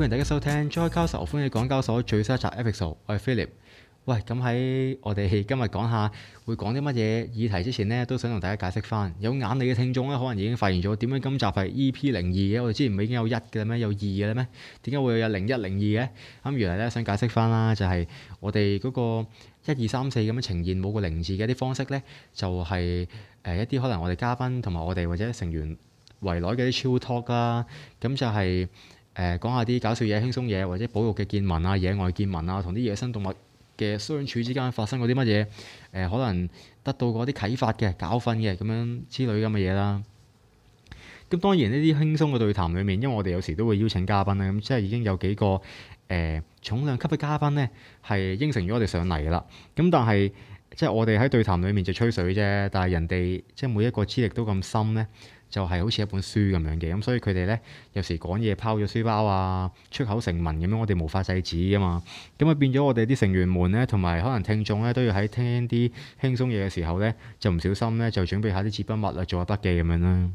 歡迎大家收聽 Joy 交所，歡迎廣交所最新一集 Episode。 我係 Philip。喂，咁喺我哋今日講下會講啲乜嘢議題之前呢，都想同大家解釋翻。有眼理嘅聽眾咧，可能已經發現咗點解今集係 E.P. 零二嘅？我哋之前唔係已經有一嘅咩？有二嘅咩？點解會有零一零二嘅？咁原來咧想解釋翻啦，就係我哋嗰個一二三四咁樣呈現冇個零字嘅啲方式呢，就係、是、誒一啲可能我哋嘉賓同埋我哋或者成員圍內嘅一啲超 talk 啦、啊，咁就係、是。誒講一下啲搞笑嘢、輕鬆嘢，或者保育嘅見聞啊、野外見聞啊，同啲野生動物嘅相處之間發生過啲乜嘢？誒、呃、可能得到過啲啟發嘅、教訓嘅咁樣之類咁嘅嘢啦。咁當然呢啲輕鬆嘅對談裏面，因為我哋有時都會邀請嘉賓啦，咁即係已經有幾個誒、呃、重量級嘅嘉賓呢，係應承咗我哋上嚟啦。咁但係即係我哋喺對談裏面就吹水啫，但係人哋即係每一個資歷都咁深呢。就係好似一本書咁樣嘅，咁所以佢哋呢，有時講嘢拋咗書包啊，出口成文咁樣，我哋無法制止噶嘛。咁啊變咗我哋啲成員們呢，同埋可能聽眾呢，都要喺聽啲輕鬆嘢嘅時候呢，就唔小心呢，就準備下啲紙筆物啊，做下筆記咁樣啦。嗯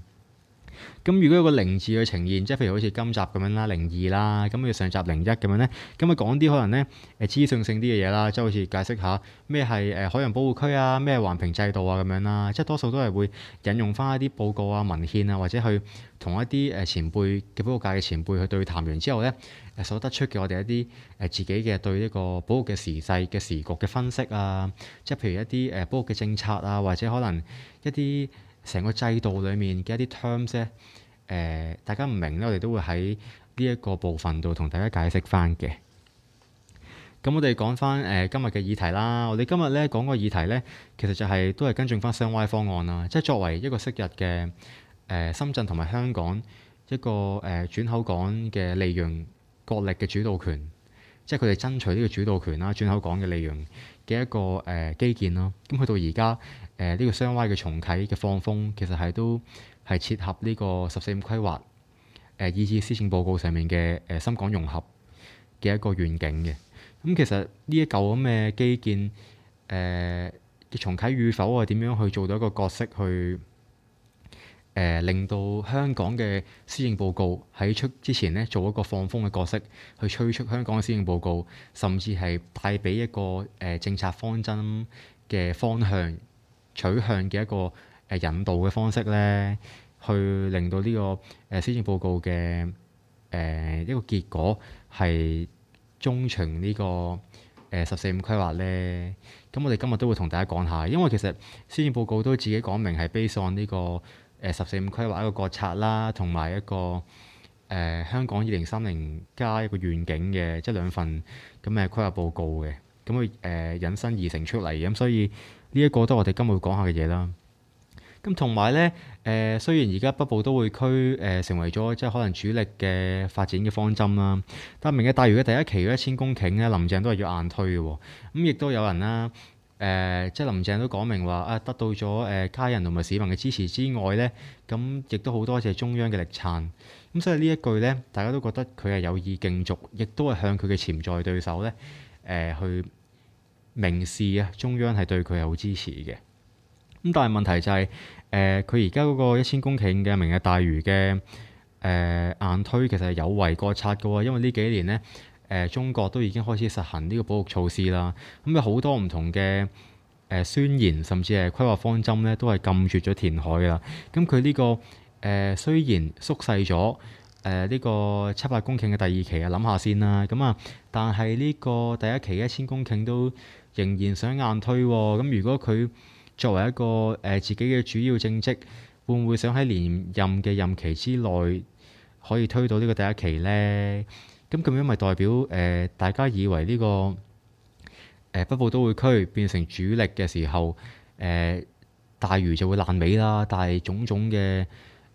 咁如果有個零字去呈現，即係譬如好似今集咁樣啦，零二啦，咁佢上集零一咁樣咧，咁咪講啲可能咧，誒資訊性啲嘅嘢啦，即係好似解釋下咩係誒海洋保護區啊，咩環評制度啊咁樣啦，即係多數都係會引用翻一啲報告啊、文獻啊，或者去同一啲誒前輩嘅保育界嘅前輩去對談完之後咧，誒所得出嘅我哋一啲誒自己嘅對呢個保育嘅時勢嘅時局嘅分析啊，即係譬如一啲誒保育嘅政策啊，或者可能一啲。成個制度裏面嘅一啲 terms 咧，誒、呃、大家唔明咧，我哋都會喺呢一個部分度同大家解釋翻嘅。咁我哋講翻誒今日嘅議題啦。我哋今日咧講個議題咧，其實就係、是、都係跟進翻雙 Y 方案啦，即係作為一個昔日嘅誒、呃、深圳同埋香港一個誒轉、呃、口港嘅利潤國力嘅主導權。即係佢哋爭取呢個主導權啦，轉口港嘅利潤嘅一個誒、呃、基建咯。咁去到而家誒呢個雙 Y 嘅重啟嘅放風，其實係都係切合呢個十四五規劃誒以、呃、至《施政報告》上面嘅誒、呃、深港融合嘅一個願景嘅。咁、嗯、其實呢一嚿咁嘅基建誒、呃、重啟與否，或者點樣去做到一個角色去，誒、呃、令到香港嘅施政報告喺出之前咧，做一個放風嘅角色，去催促香港嘅施政報告，甚至係帶俾一個誒、呃、政策方針嘅方向取向嘅一個誒、呃、引導嘅方式咧，去令到呢、這個誒、呃、施政報告嘅誒一個結果係忠情呢個誒、呃、十四五規劃咧。咁、嗯、我哋今日都會同大家講下，因為其實施政報告都自己講明係 based on 呢、這個。誒、呃、十四五規劃一個國策啦，同埋一個誒、呃、香港二零三零加一個願景嘅，即係兩份咁嘅規劃報告嘅，咁去誒引申而成出嚟，咁、嗯、所以呢一個都係我哋今日會講下嘅嘢啦。咁同埋咧，誒、呃、雖然而家北部都會區誒、呃、成為咗即係可能主力嘅發展嘅方針啦，但明嘅大嶼嘅第一期嘅一千公頃咧，林鄭都係要硬推嘅喎、哦，咁、嗯、亦都有人啦。誒、呃，即係林鄭都講明話啊，得到咗誒、呃、家人同埋市民嘅支持之外呢，咁亦都好多謝中央嘅力撐。咁、嗯、所以呢一句呢，大家都覺得佢係有意競逐，亦都係向佢嘅潛在對手呢、呃、去明示啊，中央係對佢係好支持嘅。咁、嗯、但係問題就係佢而家嗰個一千公頃嘅明日大嶼嘅誒硬推，其實係有違國策嘅喎、哦，因為呢幾年呢。呃、中國都已經開始實行呢個保育措施啦，咁有好多唔同嘅、呃、宣言，甚至係規劃方針呢，都係禁絕咗填海噶啦。咁佢呢個誒、呃、雖然縮細咗呢個七百公頃嘅第二期啊，諗下先啦。咁、嗯、啊，但係呢個第一期一千公頃都仍然想硬推喎、哦。咁、嗯、如果佢作為一個、呃、自己嘅主要政績，會唔會想喺連任嘅任期之內可以推到呢個第一期呢？咁咁樣咪代表誒、呃、大家以為呢、這個誒、呃、北部都會區變成主力嘅時候，誒、呃、大愚就會爛尾啦。但係種種嘅誒、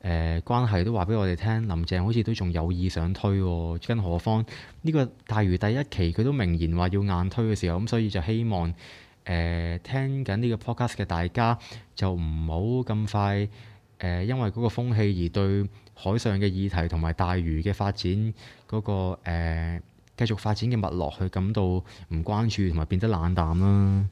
呃、關係都話俾我哋聽，林鄭好似都仲有意想推喎、啊。更何況呢、這個大愚第一期佢都明言話要硬推嘅時候，咁、嗯、所以就希望誒、呃、聽緊呢個 podcast 嘅大家就唔好咁快誒、呃，因為嗰個風氣而對，海上嘅議題同埋大嶼嘅發展嗰、那個誒、呃、繼續發展嘅脈絡，去感到唔關注同埋變得冷淡啦。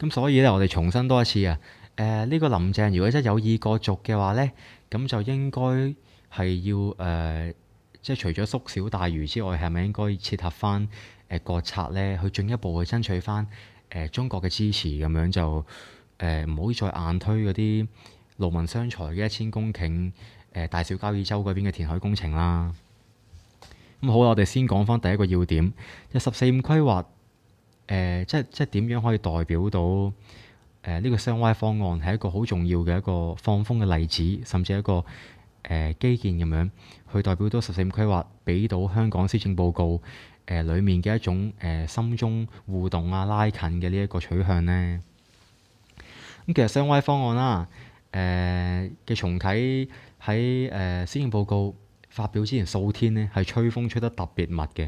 咁所以咧，我哋重申多一次啊。誒、呃、呢、這個林鄭，如果真係有意過續嘅話咧，咁就應該係要誒、呃，即係除咗縮小大嶼之外，係咪應該切合翻誒國策咧，去進一步去爭取翻誒、呃、中國嘅支持，咁樣就誒唔好再硬推嗰啲。勞民傷財嘅一千公頃誒、呃、大小交椅洲嗰邊嘅填海工程啦，咁、嗯、好啦，我哋先講翻第一個要點，十四五規劃誒，即係即係點樣可以代表到誒呢、呃這個雙 Y 方案係一個好重要嘅一個放風嘅例子，甚至一個誒、呃、基建咁樣去代表到十四五規劃俾到香港施政報告誒、呃、裡面嘅一種誒、呃、心中互動啊拉近嘅呢一個取向呢。咁、嗯、其實雙 Y 方案啦、啊。誒嘅、呃、重啟喺誒、呃、施政報告發表之前數天呢係吹風吹得特別密嘅。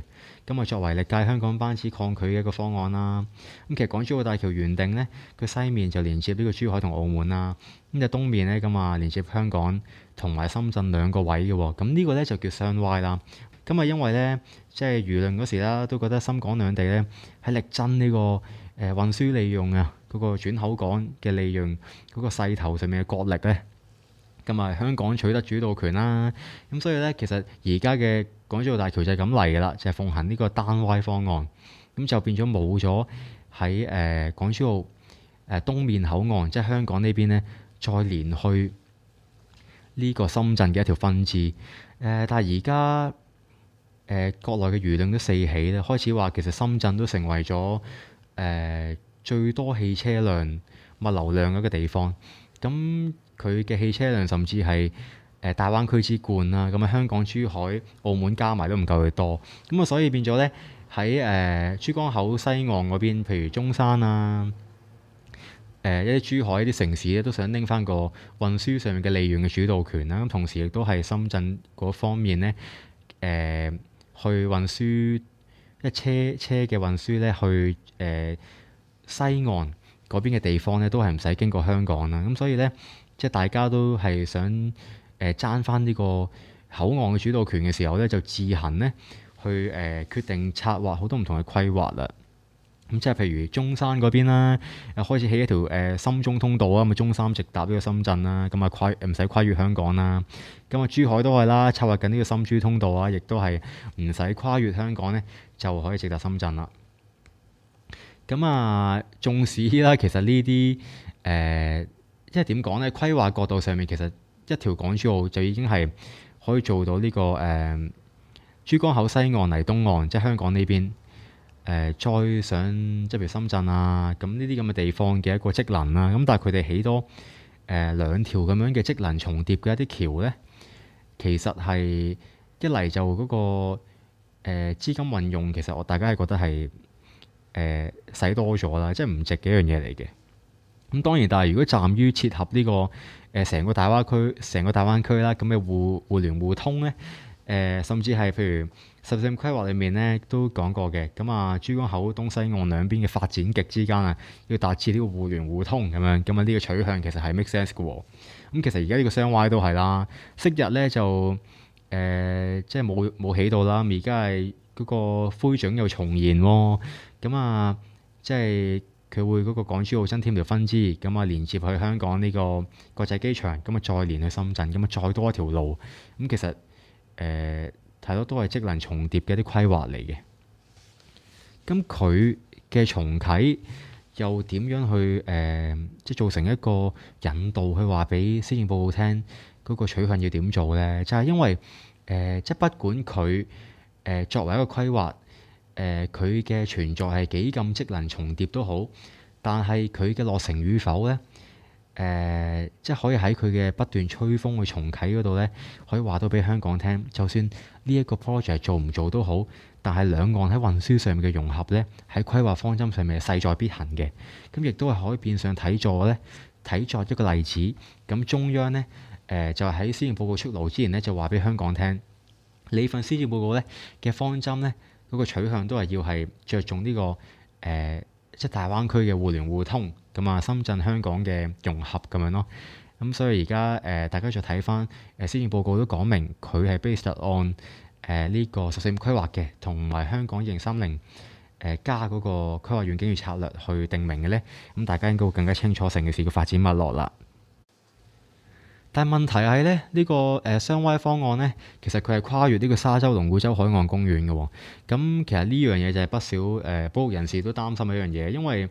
咁、嗯、啊，作為歷屆香港班次抗拒嘅一個方案啦。咁、嗯、其實港珠澳大橋原定呢，佢西面就連接呢個珠海同澳門啦。咁、嗯、就東面呢，咁、嗯、啊連接香港同埋深圳兩個位嘅喎、哦。咁、嗯、呢、這個呢，就叫雙 Y 啦。咁、嗯、啊，因為呢，即係輿論嗰時啦，都覺得深港兩地呢，喺力爭呢、這個。誒、呃、運輸利用啊，嗰、那個轉口港嘅利用嗰、那個勢頭上面嘅角力呢，咁啊，香港取得主導權啦、啊。咁、嗯、所以呢，其實而家嘅港珠澳大橋就係咁嚟噶啦，就係、是、奉行呢個單 Y 方案，咁就變咗冇咗喺誒港珠澳誒東面口岸，即、就、係、是、香港呢邊呢，再連去呢個深圳嘅一條分支、呃、但係而家誒國內嘅輿論都四起啦，開始話其實深圳都成為咗。誒、呃、最多汽車量物流量嗰個地方，咁佢嘅汽車量甚至係誒、呃、大灣區之冠啦、啊。咁、嗯、啊，香港、珠海、澳門加埋都唔夠佢多。咁、嗯、啊，所以變咗咧喺誒珠江口西岸嗰邊，譬如中山啊，誒、呃、一啲珠海一啲城市咧，都想拎翻個運輸上面嘅利潤嘅主導權啦。咁、嗯、同時亦都係深圳嗰方面咧，誒、呃、去運輸。一係車車嘅運輸咧，去誒、呃、西岸嗰邊嘅地方咧，都係唔使經過香港啦。咁所以咧，即係大家都係想誒、呃、爭翻呢個口岸嘅主導權嘅時候咧，就自行咧去誒、呃、決定策劃好多唔同嘅規劃啦。咁即係譬如中山嗰邊啦，開始起一條誒、呃、深中通道啊，咁啊中山直達呢個深圳啦，咁啊跨唔使跨越香港啦。咁啊珠海都係啦，策劃緊呢個深珠通道啊，亦都係唔使跨越香港咧，就可以直達深圳啦。咁啊，縱使啦，其實、呃、呢啲誒即係點講咧？規劃角度上面，其實一條港珠澳就已經係可以做到呢、這個誒、呃、珠江口西岸嚟東岸，即係香港呢邊。誒、呃、再上即係譬如深圳啊，咁呢啲咁嘅地方嘅一個職能啦、啊，咁但係佢哋起多誒兩條咁樣嘅職能重疊嘅一啲橋咧，其實係一嚟就嗰、那個誒資、呃、金運用，其實我大家係覺得係誒使多咗啦，即係唔值嘅一樣嘢嚟嘅。咁、嗯、當然，但係如果站於切合呢、這個誒成、呃、個大灣區，成個大灣區啦，咁嘅互互聯互通咧。誒、呃，甚至係譬如十四年規劃裏面咧都講過嘅，咁、嗯、啊珠江口東西岸兩邊嘅發展極之間啊，要達至呢個互聯互通咁樣，咁啊呢個取向其實係 make sense 嘅咁、哦嗯、其實而家呢個雙 Y 都係啦，昔日咧就誒、呃、即係冇冇起到啦，而家係嗰個灰井又重現喎、哦。咁、嗯、啊、嗯，即係佢會嗰個港珠澳增添條分支，咁、嗯、啊、嗯、連接去香港呢個國際機場，咁、嗯、啊再連去深圳，咁、嗯、啊再多一條路，咁、嗯嗯、其實。誒、呃，睇到都係職能重疊嘅啲規劃嚟嘅。咁佢嘅重啟又點樣去誒、呃，即係造成一個引導去話俾施政報告聽嗰、那個取向要點做咧？就係、是、因為誒、呃，即係不管佢誒、呃、作為一個規劃誒，佢、呃、嘅存在係幾咁職能重疊都好，但係佢嘅落成與否咧？誒、呃，即係可以喺佢嘅不斷吹風去重啟嗰度呢，可以話到俾香港聽，就算呢一個 project 做唔做都好，但係兩岸喺運輸上面嘅融合呢，喺規劃方針上面勢在必行嘅。咁、嗯、亦都係可以變相睇作咧，睇作一個例子。咁、嗯、中央呢，誒、呃、就喺施政報告出爐之前呢，就話俾香港聽，你份施政報告呢嘅方針呢，嗰、那個取向都係要係着重呢、這個誒、呃，即係大灣區嘅互聯互通。咁啊、嗯，深圳香港嘅融合咁樣咯，咁、嗯、所以而家誒大家再睇翻誒施政報告都講明佢係 based on 誒、呃、呢、這個十四五規劃嘅，同埋香港二零三零誒加嗰個規劃遠景與策略去定名嘅咧，咁、嗯、大家應該會更加清楚成件事嘅發展脈絡啦。但係問題係咧，呢、這個誒雙 Y 方案咧，其實佢係跨越呢個沙洲龍鼓洲海岸公園嘅喎，咁、嗯、其實呢樣嘢就係不少誒、呃、保育人士都擔心嘅一樣嘢，因為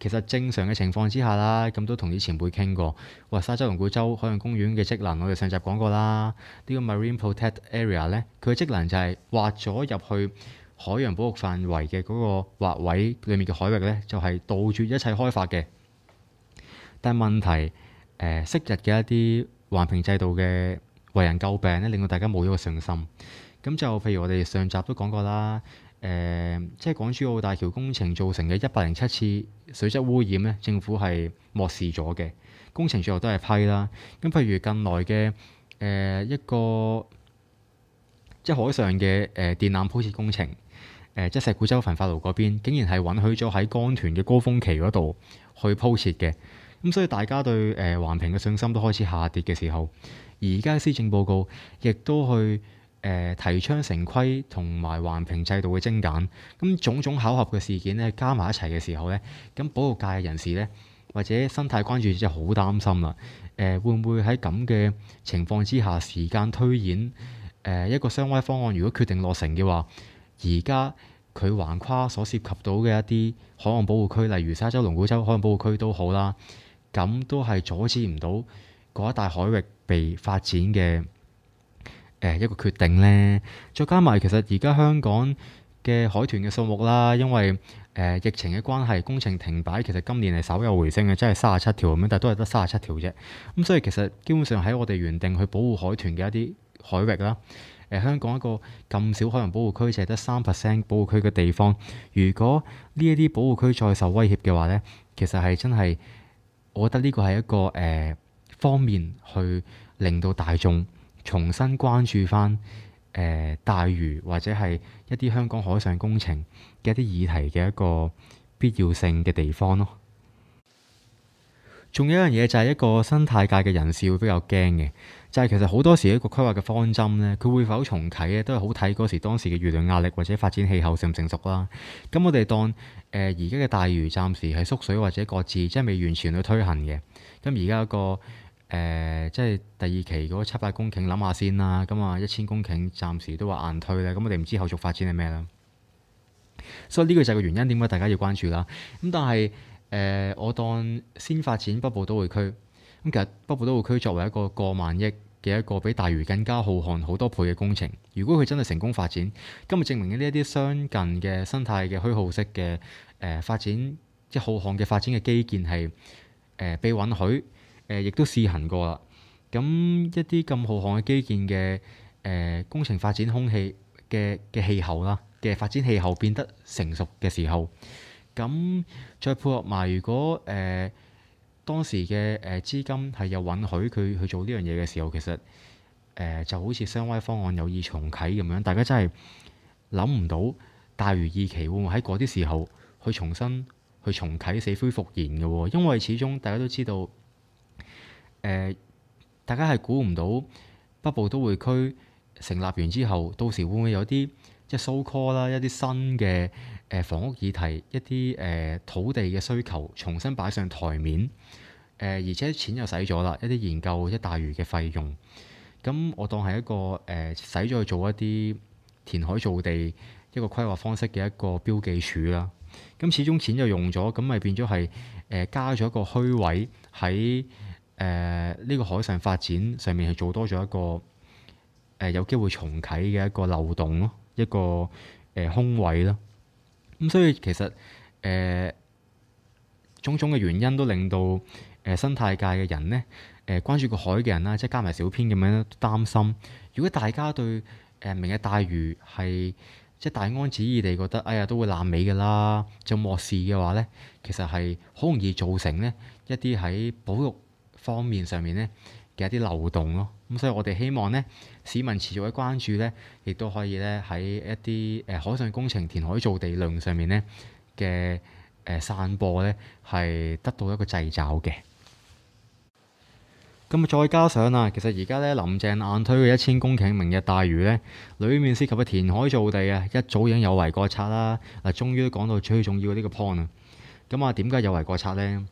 其實正常嘅情況之下啦，咁都同以前輩傾過。哇！沙洲同龍鼓洲海洋公園嘅職能，我哋上集講過啦。呢個 marine protected area 呢，佢嘅職能就係劃咗入去海洋保護範圍嘅嗰個劃位裡面嘅海域呢，就係杜絕一切開發嘅。但係問題、呃、昔日嘅一啲環評制度嘅為人詬病呢，令到大家冇咗個信心。咁就譬如我哋上集都講過啦。誒、呃，即係港珠澳大橋工程造成嘅一百零七次水質污染咧，政府係漠視咗嘅。工程最後都係批啦。咁、呃、譬如近來嘅誒、呃、一個即係海上嘅誒、呃、電纜鋪設工程，誒即係石鼓洲焚化爐嗰邊，竟然係允許咗喺江豚嘅高峰期嗰度去鋪設嘅。咁、呃、所以大家對誒環評嘅信心都開始下跌嘅時候，而家施政報告亦都去，呃、提倡城規同埋環評制度嘅精簡，咁種種巧合嘅事件咧，加埋一齊嘅時候呢，咁保育界嘅人士呢，或者生態關注者就好擔心啦。誒、呃、會唔會喺咁嘅情況之下，時間推演、呃、一個雙 Y 方案，如果決定落成嘅話，而家佢橫跨所涉及到嘅一啲海岸保護區，例如沙洲、龍鼓洲海岸保護區都好啦，咁都係阻止唔到嗰一帶海域被發展嘅。誒一個決定咧，再加埋其實而家香港嘅海豚嘅數目啦，因為誒、呃、疫情嘅關係，工程停擺，其實今年係稍有回升嘅，真係三十七條咁樣，但係都係得三十七條啫。咁所以其實基本上喺我哋原定去保護海豚嘅一啲海域啦，誒、呃、香港一個咁少海洋保護區，淨係得三 percent 保護區嘅地方。如果呢一啲保護區再受威脅嘅話咧，其實係真係，我覺得呢個係一個誒、呃、方面去令到大眾。重新關注翻誒、呃、大嶼或者係一啲香港海上工程嘅一啲議題嘅一個必要性嘅地方咯。仲有一樣嘢就係一個生態界嘅人士會比較驚嘅，就係、是、其實好多時一個規劃嘅方針咧，佢會否重啟咧，都係好睇嗰時當時嘅輿論壓力或者發展氣候成唔成熟啦。咁我哋當誒而家嘅大嶼暫時係縮水或者各自即係未完全去推行嘅。咁而家一個。誒、呃，即係第二期嗰七百公頃，諗下先啦。咁、嗯、啊，一千公頃暫時都話硬推喇。咁我哋唔知後續發展係咩啦。所以呢個就係個原因，點解大家要關注啦。咁但係誒、呃，我當先發展北部都會區。咁、嗯、其實北部都會區作為一個過萬億嘅一個比大嶼更加浩瀚好多倍嘅工程，如果佢真係成功發展，今日證明呢一啲相近嘅生態嘅虛耗式嘅誒、呃、發展，即係浩瀚嘅發展嘅基建係誒、呃、被允許。誒，亦都試行過啦。咁一啲咁浩瀚嘅基建嘅誒、呃、工程發展空氣嘅嘅氣候啦，嘅發展氣候變得成熟嘅時候，咁再配合埋，如果誒、呃、當時嘅誒資金係有允許佢去做呢樣嘢嘅時候，其實誒、呃、就好似雙 Y 方案有意重啟咁樣，大家真係諗唔到大愚二期會唔會喺嗰啲時候去重新去重啟死灰復燃嘅喎、哦，因為始終大家都知道。誒、呃，大家係估唔到北部都會區成立完之後，到時會唔會有啲即係收科啦？一啲新嘅誒房屋議題，一啲誒、呃、土地嘅需求重新擺上台面。誒、呃，而且錢又使咗啦，一啲研究一大魚大愚嘅費用。咁我當係一個誒使咗去做一啲填海造地一個規劃方式嘅一個標記處啦。咁始終錢就用咗，咁咪變咗係誒加咗一個虛位喺。誒呢、呃這個海上發展上面係做多咗一個誒、呃、有機會重啟嘅一個漏洞咯，一個誒、呃、空位咯。咁、呃、所以其實誒、呃、種種嘅原因都令到誒、呃、生態界嘅人呢，誒、呃、關注個海嘅人啦，即係加埋小編咁樣都擔心。如果大家對誒、呃、明日大魚係即係大安旨意地覺得哎呀都會爛尾㗎啦，就漠視嘅話咧，其實係好容易造成呢一啲喺保育。方面上面呢嘅一啲漏洞咯，咁所以我哋希望呢市民持續嘅關注呢，亦都可以呢喺一啲誒、呃、海上工程填海造地量上面呢嘅誒散播呢，係得到一個掣肘嘅。咁啊，再加上啊，其實而家呢林鄭硬推嘅一千公頃明日大嶼呢，裏面涉及嘅填海造地啊，一早已經有違國策啦。嗱，終於都講到最重要呢個 point 啊。咁啊，點解有違國策呢？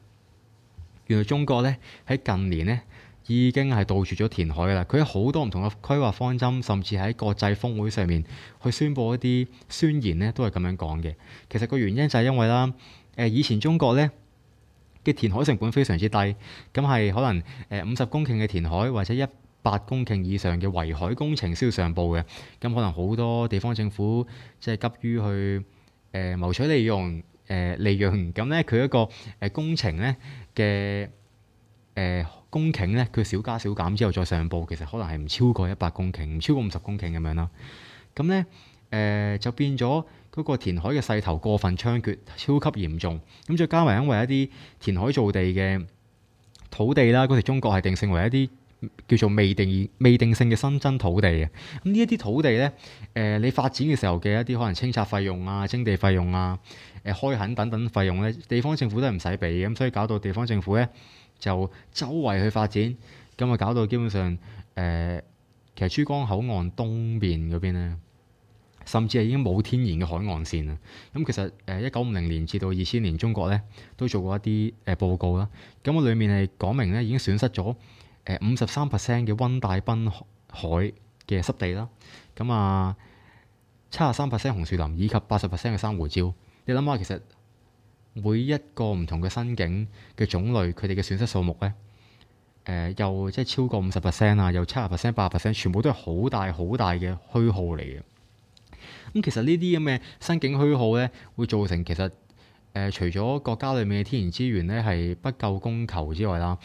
原來中國咧喺近年咧已經係杜絕咗填海噶啦，佢有好多唔同嘅規劃方針，甚至喺國際峰會上面去宣佈一啲宣言咧，都係咁樣講嘅。其實個原因就係因為啦，誒以前中國咧嘅填海成本非常之低，咁係可能誒五十公頃嘅填海或者一百公頃以上嘅圍海工程需要上報嘅，咁可能好多地方政府即係急於去誒謀、呃、取利用。誒利潤咁咧，佢一個誒工程咧嘅誒公頃咧，佢小加小減之後再上報，其實可能係唔超過一百公頃，唔超過五十公頃咁樣啦。咁咧誒就變咗嗰個填海嘅勢頭過分猖獗，超級嚴重。咁再加埋因為一啲填海造地嘅土地啦，嗰時中國係定性為一啲。叫做未定未定性嘅新增土地嘅咁呢一啲土地咧，誒、呃、你發展嘅時候嘅一啲可能清拆費用啊、徵地費用啊、誒、呃、開墾等等費用咧，地方政府都係唔使俾嘅咁，所以搞到地方政府咧就周圍去發展咁啊、嗯，搞到基本上誒、呃、其實珠江口岸東面嗰邊咧，甚至係已經冇天然嘅海岸線啦。咁、嗯、其實誒一九五零年至到二千年，中國咧都做過一啲誒、呃、報告啦。咁、嗯、我裡面係講明咧已經損失咗。五十三 percent 嘅溫帶濱海嘅濕地啦，咁啊七十三 percent 紅樹林以及八十 percent 嘅珊瑚礁，你諗下其實每一個唔同嘅新境嘅種類，佢哋嘅損失數目咧、呃，又即係超過五十 percent 啊，又七十 percent 八十 percent，全部都係好大好大嘅虛耗嚟嘅。咁其實呢啲咁嘅新境虛耗咧，會造成其實。誒、呃、除咗國家裏面嘅天然資源咧係不夠供求之外啦，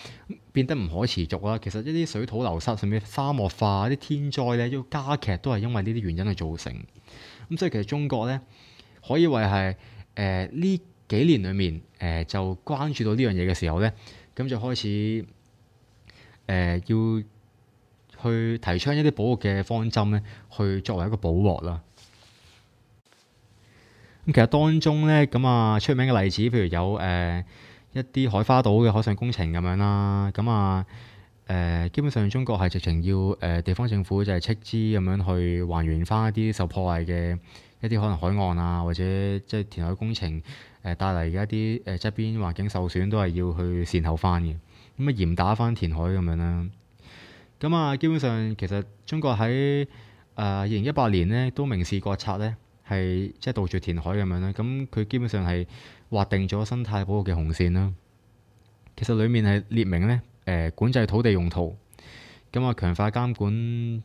變得唔可持續啦。其實一啲水土流失，甚至沙漠化一啲、啊、天災咧，要加劇都係因為呢啲原因去造成。咁、嗯、所以其實中國咧可以話係誒呢幾年裏面誒、呃、就關注到呢樣嘢嘅時候咧，咁就開始誒、呃、要去提倡一啲保育嘅方針咧，去作為一個保鑊啦。咁其實當中呢，咁啊出名嘅例子，譬如有誒、呃、一啲海花島嘅海上工程咁樣啦，咁啊誒、呃、基本上中國係直情要誒、呃、地方政府就係斥資咁樣去還原翻一啲受破壞嘅一啲可能海岸啊，或者即係填海工程誒帶嚟嘅一啲誒側邊環境受損，都係要去善後翻嘅，咁啊嚴打翻填海咁樣啦。咁啊基本上其實中國喺啊二零一八年呢都明示國策呢。係即係倒著填海咁樣啦，咁、嗯、佢基本上係劃定咗生態保護嘅紅線啦。其實裡面係列明呢誒、呃、管制土地用途，咁、嗯、啊強化監管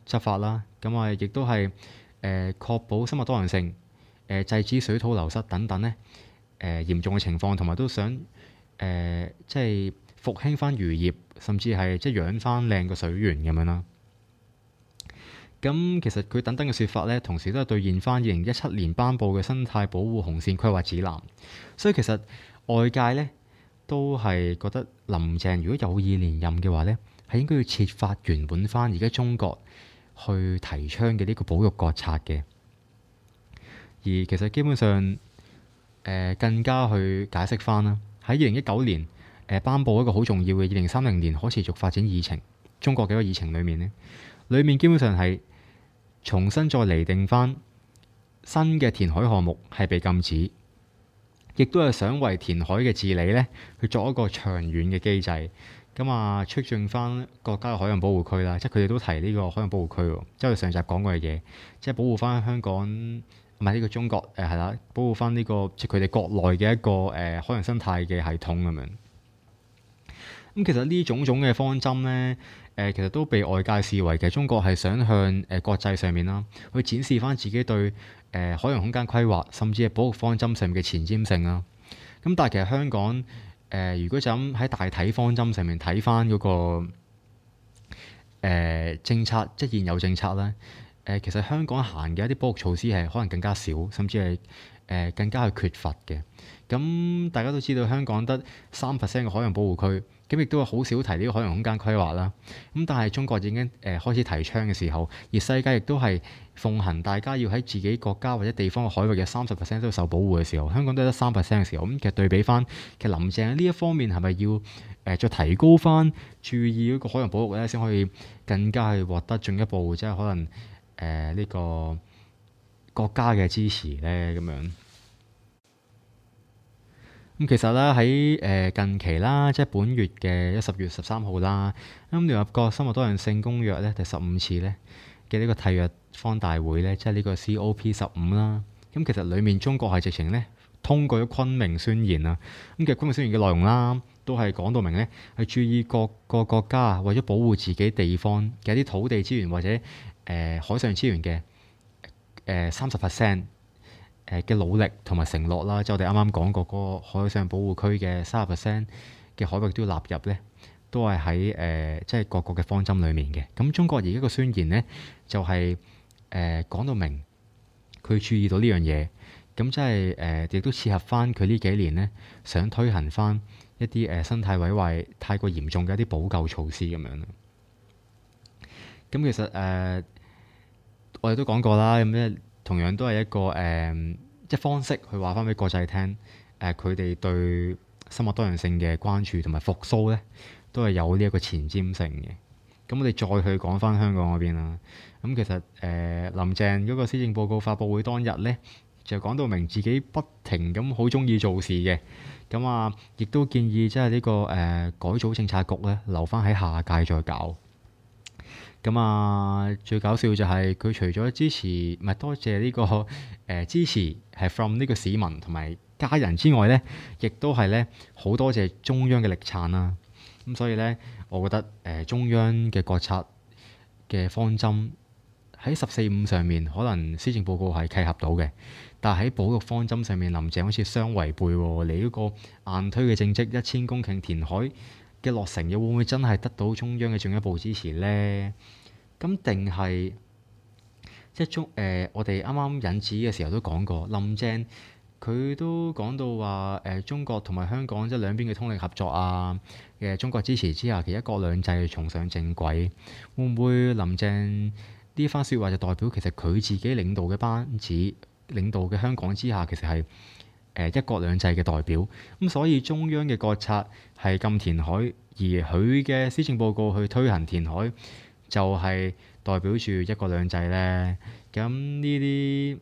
執法啦，咁啊亦都係誒、呃、確保生物多樣性，誒、呃、制止水土流失等等呢誒、呃、嚴重嘅情況同埋都想誒、呃、即係復興翻漁業，甚至係即係養翻靚個水源咁樣啦。咁其實佢等等嘅說法咧，同時都係兌現翻二零一七年頒布嘅生態保護紅線規劃指南。所以其實外界咧都係覺得林鄭如果有意連任嘅話咧，係應該要設法原本翻而家中國去提倡嘅呢個保育國策嘅。而其實基本上誒、呃、更加去解釋翻啦，喺二零一九年誒頒布一個好重要嘅二零三零年可持續發展議程，中國幾個議程裡面咧，裡面基本上係。重新再厘定翻新嘅填海項目係被禁止，亦都係想為填海嘅治理呢去作一個長遠嘅機制，咁啊促進翻國家嘅海洋保護區啦，即係佢哋都提呢個海洋保護區喎、喔，即係上集講過嘅嘢，即係保護翻香港唔係呢個中國誒係啦，保護翻呢、這個即係佢哋國內嘅一個誒、呃、海洋生態嘅系統咁樣。咁其實呢種種嘅方針呢，誒、呃、其實都被外界視為嘅中國係想向誒、呃、國際上面啦，去展示翻自己對誒、呃、海洋空間規劃甚至係保護方針上面嘅前瞻性啦。咁但係其實香港誒、呃，如果就咁喺大體方針上面睇翻嗰個、呃、政策，即係現有政策咧，誒、呃、其實香港行嘅一啲保護措施係可能更加少，甚至係誒、呃、更加係缺乏嘅。咁大家都知道香港得三 percent 嘅海洋保護區。咁亦都好少提呢個海洋空間規劃啦。咁但係中國已經誒、呃、開始提倡嘅時候，而世界亦都係奉行大家要喺自己國家或者地方嘅海域嘅三十 percent 都受保護嘅時候，香港都得三 percent 嘅時候。咁、嗯、其實對比翻，其實林鄭呢一方面係咪要誒、呃、再提高翻，注意嗰個海洋保育咧，先可以更加去獲得進一步即係可能誒呢、呃這個國家嘅支持咧咁樣？咁其實咧喺誒近期啦，即係本月嘅一十月十三號啦，咁聯合國生物多樣性公約咧第十五次咧嘅呢個締約方大會咧，即係呢個 COP 十五啦。咁其實裡面中國係直情咧通過咗《昆明宣言》啊。咁嘅《昆明宣言》嘅內容啦，都係講到明咧，係注意各個國家為咗保護自己地方嘅一啲土地資源或者誒海上資源嘅誒三十 percent。誒嘅努力同埋承諾啦，即、就、係、是、我哋啱啱講過、嗰個海上保護區嘅三十 percent 嘅海域都要納入咧，都係喺誒即係各國嘅方針裏面嘅。咁中國而家個宣言咧，就係誒講到明佢注意到呢樣嘢，咁即係誒亦都契合翻佢呢幾年咧想推行翻一啲誒、呃、生態毀壞太過嚴重嘅一啲補救措施咁樣。咁其實誒、呃，我哋都講過啦，咁、嗯、咧。同樣都係一個誒，即係、呃、方式去話翻俾國際聽，誒佢哋對生物多樣性嘅關注同埋復甦咧，都係有呢一個前瞻性嘅。咁我哋再去講翻香港嗰邊啦。咁其實誒、呃、林鄭嗰個施政報告發布會當日咧，就講到明自己不停咁好中意做事嘅，咁啊亦都建議即係呢個誒、呃、改組政策局咧，留翻喺下屆再搞。咁啊、嗯，最搞笑就係佢除咗支持，唔係多謝呢、這個誒、呃、支持係 from 呢個市民同埋家人之外咧，亦都係咧好多謝中央嘅力撐啦、啊。咁、嗯、所以咧，我覺得誒、呃、中央嘅國策嘅方針喺十四五上面可能施政報告係契合到嘅，但係喺保育方針上面，林鄭好似相違背喎、哦。你嗰個硬推嘅政績一千公頃填海，嘅落成又會唔會真係得到中央嘅進一步支持呢？咁定係即係中誒？我哋啱啱引子嘅時候都講過，林鄭佢都講到話誒、呃，中國同埋香港即係兩邊嘅通力合作啊！嘅中國支持之下嘅一國兩制重上正軌，會唔會林鄭呢番説話就代表其實佢自己領導嘅班子領導嘅香港之下其實係？誒一國兩制嘅代表，咁所以中央嘅國策係禁填海，而佢嘅施政報告去推行填海，就係代表住一國兩制呢？咁呢啲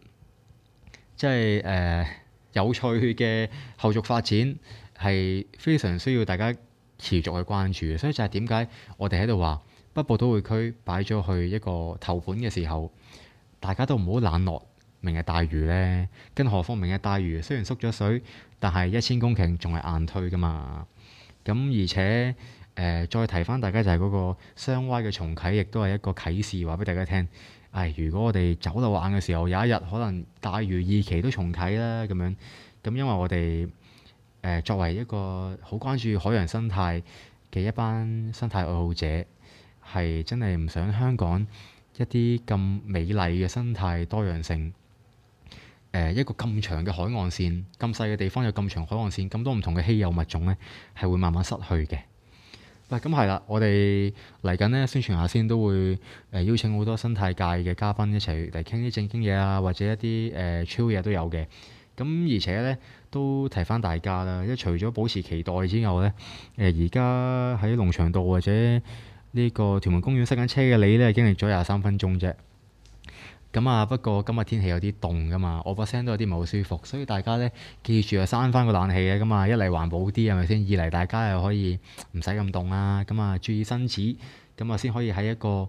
即係誒有趣嘅後續發展，係非常需要大家持續去關注。所以就係點解我哋喺度話北部都會區擺咗去一個頭盤嘅時候，大家都唔好冷落。明日大嶼呢，更何況明日大嶼，雖然縮咗水，但係一千公頃仲係硬推噶嘛。咁而且誒、呃，再提翻大家就係嗰個雙 Y 嘅重啟亦都係一個啟示，話俾大家聽，唉、哎、如果我哋走漏眼嘅時候，有一日可能大嶼二期都重啟啦，咁樣，咁，因為我哋誒、呃、作為一個好關注海洋生態嘅一班生態愛好者，係真係唔想香港一啲咁美麗嘅生態多樣性，誒一個咁長嘅海岸線，咁細嘅地方有咁長海岸線，咁多唔同嘅稀有物種呢，係會慢慢失去嘅。喂、啊，咁係啦，我哋嚟緊呢，宣傳下先，都會邀請好多生態界嘅嘉賓一齊嚟傾啲正經嘢啊，或者一啲誒嘢都有嘅。咁、啊、而且呢，都提翻大家啦，即係除咗保持期待之外呢，而家喺龍翔道或者呢個屯門公園塞緊車嘅你呢，經歷咗廿三分鐘啫。咁啊，不過今日天氣有啲凍㗎嘛，我把聲都有啲唔係好舒服，所以大家咧記住啊，閂翻個冷氣嘅㗎嘛，一嚟環保啲係咪先？二嚟大家又可以唔使咁凍啊，咁啊注意身子，咁啊先可以喺一個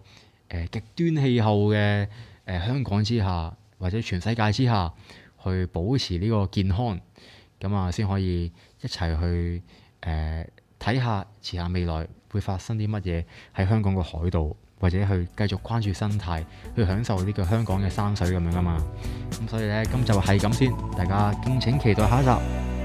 誒極端氣候嘅誒香港之下，或者全世界之下去保持呢個健康，咁啊先可以一齊去誒睇下遲下未來會發生啲乜嘢喺香港個海度。或者去繼續關注生態，去享受呢個香港嘅山水咁樣噶嘛。咁所以呢，今集就係咁先，大家敬請期待下一集。